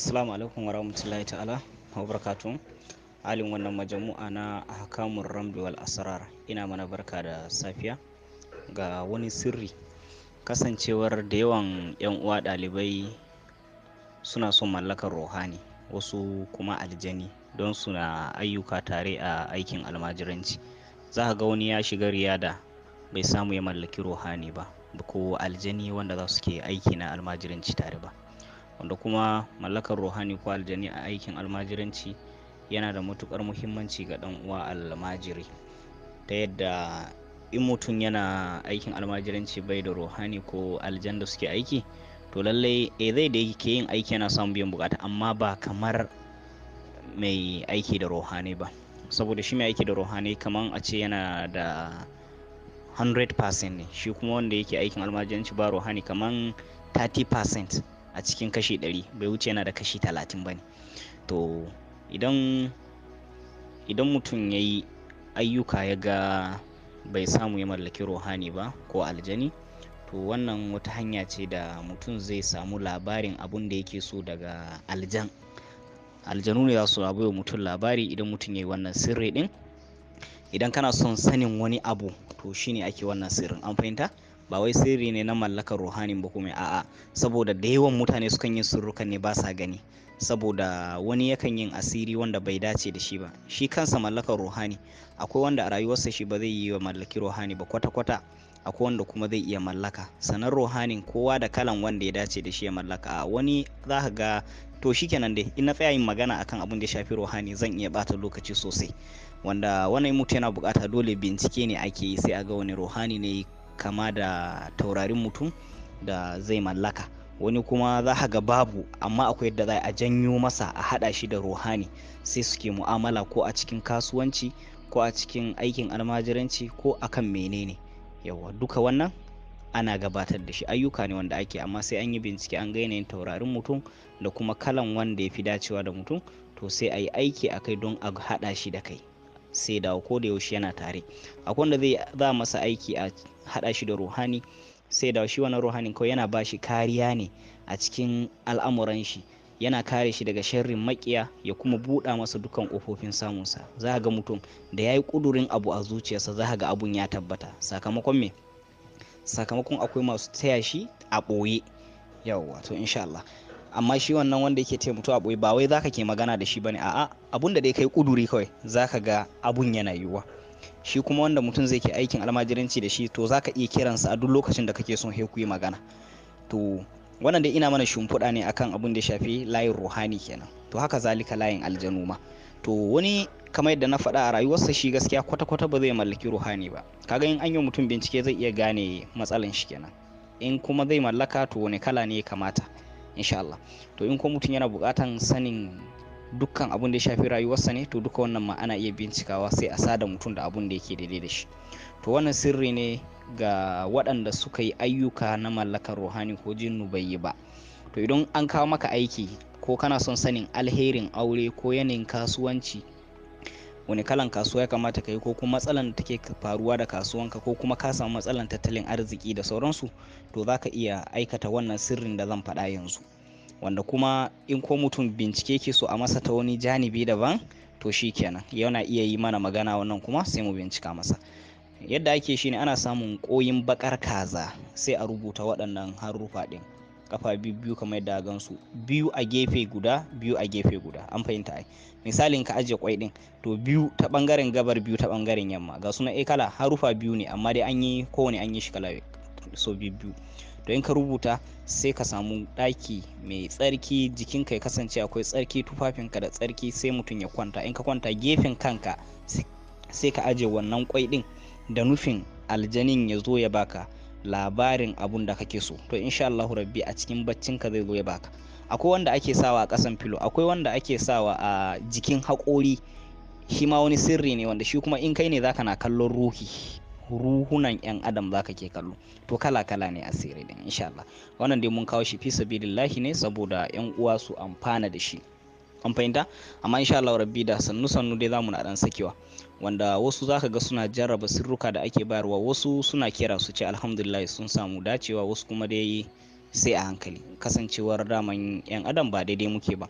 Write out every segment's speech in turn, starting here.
assalamu alaikum wa rahmatullahi ta'ala wa barakatu halin wannan majamu'a na hakamun rambi wal asrar ina mana barka da safiya ga wani sirri kasancewar da yawan yan uwa dalibai suna son mallakar ruhani, wasu kuma aljani don suna ayyuka tare a aikin almajiranci za ga wani ya shiga riyada bai samu ya mallaki ruhani ba ko aljani wanda za su ke aiki na almajiranci tare ba wanda kuma mallakar ruhani ko aljani a aikin almajiranci yana da matukar muhimmanci ga dan uwa almajiri ta yadda in mutum yana aikin almajiranci bai da ruhani ko aljan da suke aiki to lallai e zai da yake yin aiki yana samun biyan bukata amma ba kamar mai aiki da ruhani ba saboda shi mai aiki da ruhani kamar a ce yana da 100% ne shi kuma wanda yake aikin almajiranci ba ruhani kamar 30% a cikin kashi ɗari bai wuce yana da kashi talatin ba ne to idan idan mutum ya yi ayyuka ya ga bai samu ya mallaki ruhani ba ko aljani to wannan wata hanya ce da mutum zai samu labarin abun da yake so daga aljan aljanu ne za su rabu wa mutum labari idan mutum ya yi wannan sirri din idan kana son sanin wani abu to shine ake wannan sirrin an fahimta ba wai sirri ne na mallakar ruhanin ba kuma a'a saboda da yawan mutane sukan yin surrukan ne ba sa gani saboda wani yakan yin asiri wanda bai dace da shi ba shi kansa mallakar ruhani akwai wanda a rayuwarsa shi ba zai yi wa mallaki ruhani ba kwata-kwata akwai wanda kuma zai iya mallaka sanar ruhanin kowa da kalan wanda ya dace da shi ya mallaka a wani za ka ga to shi kenan dai in na tsaya yin magana akan abin da ya shafi ruhani zan iya bata lokaci sosai wanda wani mutu yana bukata dole bincike ne ake yi sai a ga wani ruhani ne kama da taurarin mutum da zai mallaka wani kuma za ga babu amma akwai yadda za a janyo masa a hada shi da ruhani sai suke mu'amala ko a cikin kasuwanci ko a cikin aikin almajiranci ko a kan menene yawa duka wannan ana gabatar da shi ayyuka ne wanda ake amma sai an yi bincike an ga yanayin taurarin mutum da kuma kalan wanda ya fi dacewa da mutum to sai a yi aiki a kai don a hada shi da kai sai dawo ko da yaushe yana tare akwai wanda zai za masa aiki a hada shi da ruhani sai dawo shi wannan ruhanin kawai yana ba shi kariya ne a cikin al'amuran shi yana kare shi daga sharrin makiya ya kuma buɗa masa dukan ƙofofin samunsa za ga mutum da ya yi ƙudurin abu a zuciyarsa za ga abun ya tabbata sakamakon me sakamakon akwai masu taya shi a ɓoye yawwa to insha Allah amma shi wannan wanda yake ce mutu a ba wai zaka ke magana da shi bane a'a abun da dai kai kuduri kawai zaka ga abun yana yiwuwa shi kuma wanda mutum zai ke aikin almajiranci da shi to zaka iya kiransa a duk lokacin da kake son ku yi magana to wannan dai ina mana shimfiɗa ne akan abun da shafi layin ruhani kenan to haka zalika layin aljanu ma to wani kamar yadda na faɗa a rayuwarsa shi gaskiya kwata-kwata ba zai mallaki ruhani ba kaga in an yi mutum bincike zai iya gane matsalan shi kenan in kuma zai mallaka to wani kala ne ya kamata insha Allah to in ko mutum yana bukatan sanin dukkan abun da ya shafi rayuwarsa ne to duka wannan ma ana iya bincikawa sai a sada mutum da abun da yake daidai da shi to wannan sirri ne ga waɗanda suka yi ayyuka na mallakar ruhani ko jinnu bai yi ba to idan an kawo maka aiki ko kana son sanin alherin aure ko yanayin kasuwanci wani kalan kasuwa ya kamata ka yi ko kuma matsalan da take faruwa da kasuwanka ko kuma ka samu matsalan tattalin arziki da sauransu to za ka iya aikata wannan sirrin da zan faɗa yanzu wanda kuma in ko mutum bincike ke so a masa ta wani janibi daban to shi kenan yana iya yi mana magana wannan kuma sai mu bincika masa yadda ake shine ana samun koyin bakar kaza sai a rubuta waɗannan harufa ɗin kafa biyu kamar yadda gansu biyu a gefe guda biyu a gefe guda an fahimta ai misalin ka ajiye kwai din to biyu ta bangaren gabar biyu ta bangaren yamma ga suna a eh kala harufa biyu ne amma dai an yi kowane an yi shi kala so biyu biyu to in ka rubuta sai ka samu ɗaki mai tsarki jikinka ya kasance akwai tsarki tufafin ka da tsarki sai mutum ya kwanta in ka kwanta gefen kanka sai ka ajiye wannan kwai din da nufin aljanin ya zo ya baka labarin abun da kake so to insha Allahu rabbi a cikin baccin ka zai zo ya baka akwai wanda ake sawa a kasan filo akwai wanda ake sawa a jikin hakori shi ma wani sirri ne wanda shi kuma in kai ne zaka na kallon ruhi ruhunan yan adam zaka ke kallo to kala kala ne asiri din insha Allah wannan dai mun kawo shi fi sabilillahi ne saboda yan uwa su amfana da shi an fahimta amma insha Allah rabbi da sannu sannu dai zamu na dan sakewa wanda wasu zaka ga suna jarraba sirruka da ake bayarwa wasu suna kira su ce alhamdulillah sun samu dacewa wasu kuma dai sai a hankali kasancewar daman yan adam ba daidai muke ba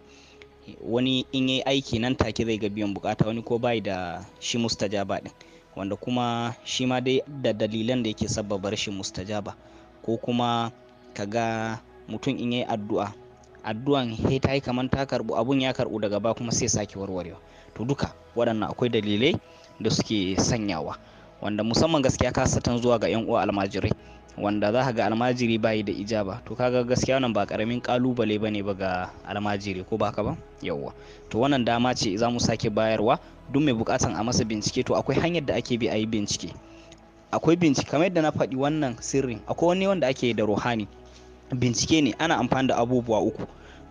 wani in yayi aiki nan take zai ga biyan bukata wani ko bai da shi mustajaba din wanda kuma shi ma dai da dalilan da yake sababa rashin mustajaba ko kuma kaga mutum in yayi addu'a addu'an he ta yi kamar ta karbu abun ya karbu daga ba kuma sai sake warwarewa to duka waɗannan akwai dalilai da suke sanyawa wanda musamman gaskiya ka satan zuwa ga yan uwa almajirai wanda za ga almajiri bayi da ijaba to kaga gaskiya wannan ba karamin kalubale ba ne ba ga almajiri ko ba haka ba yawwa to wannan dama ce za mu sake bayarwa duk mai bukatan a masa bincike to akwai hanyar da ake bi a yi bincike akwai bincike kamar yadda na faɗi wannan sirrin akwai wani wanda ake da ruhani bincike ne ana amfani da abubuwa uku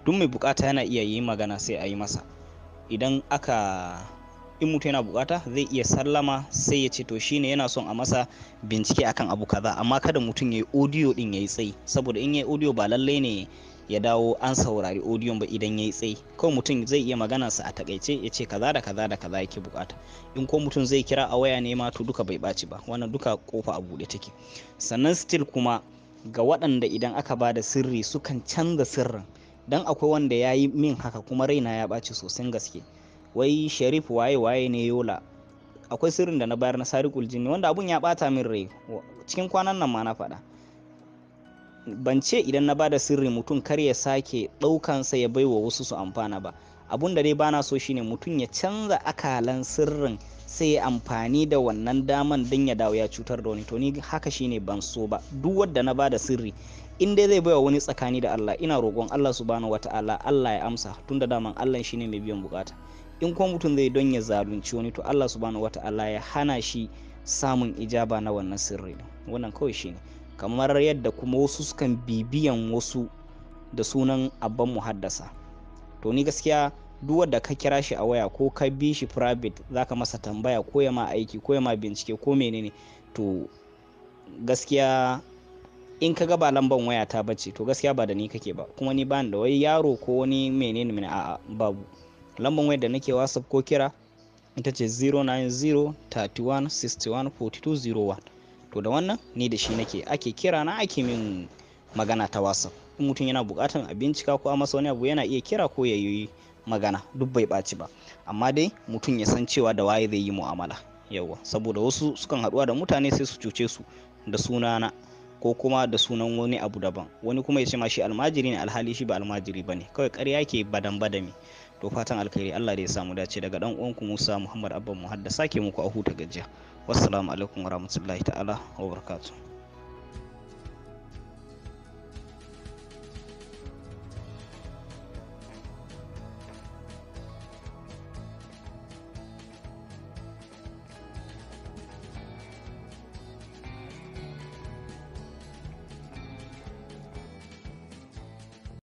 duk mai bukata yana iya yi magana sai a yi masa idan aka in mutum yana bukata zai iya sallama sai ya ce to shine yana son a masa bincike akan abu kaza amma kada mutum ya yi audio din ya yi tsayi saboda in ya yi audio ba lallai ne ya dawo an saurari odiyon ba idan ya yi tsayi kawai mutum zai iya magana sa a takaice ya ce kaza da kaza da kaza yake bukata in ko mutum zai kira a waya ne ma to duka bai ɓaci ba wannan duka kofa a buɗe take sannan still kuma ga waɗanda idan aka ba da sirri sukan canza sirrin don akwai wanda ya yi min haka kuma raina ya ɓaci sosai gaske wai sharif waye waye ne yola akwai sirrin da na bayar na sarikul jini wanda abun ya ɓata min rai cikin kwanan nan ma na faɗa ban ce idan na ba da sirri mutum kar ya sake ɗaukansa ya baiwa wasu su amfana ba abun da dai bana so shine mutum ya canza akalan sirrin sai ya amfani da wannan daman don ya dawo ya cutar da wani to ni haka shine ban so ba duk wanda na bada sirri in dai zai baiwa wani tsakani da Allah ina roƙon Allah subhanahu wata'ala Allah ya amsa tunda daman Allah shine mai biyan bukata in kuma mutum zai don ya zalunci wani to Allah subhanahu wata'ala ya hana shi samun ijaba na wannan sirri wannan kawai shine kamar yadda kuma wasu sukan bibiyan wasu da sunan abban muhaddasa to ni gaskiya duk wanda ka kira shi a waya ko ka bi shi private zaka masa tambaya ko ya ma aiki ko ya ma bincike ko menene to gaskiya in ka ba lamban waya ta bace to gaskiya ba da ni kake ba kuma ni bani da wai yaro ko wani menene mene a'a babu lamban waya da nake whatsapp ko kira ita ce 090 to da wannan ni da shi nake ake kira na ake min magana ta whatsapp in mutum yana buƙatar a bincika ko a masa wani abu yana iya kira ko ya yi magana duk bai baci ba amma dai mutum ya san cewa da waye zai yi mu'amala yawa saboda wasu sukan haɗuwa da mutane sai su cuce su da sunana ko kuma da sunan wani abu daban wani kuma ya ce ma shi almajiri ne alhali shi ba almajiri ba ne kawai karya ke badan badami to fatan alkhairi Allah da ya samu dace daga dan uwanku Musa Muhammad Abban Muhaddasa sake muku a huta gajiya wassalamu alaikum warahmatullahi ta'ala wa barakatuh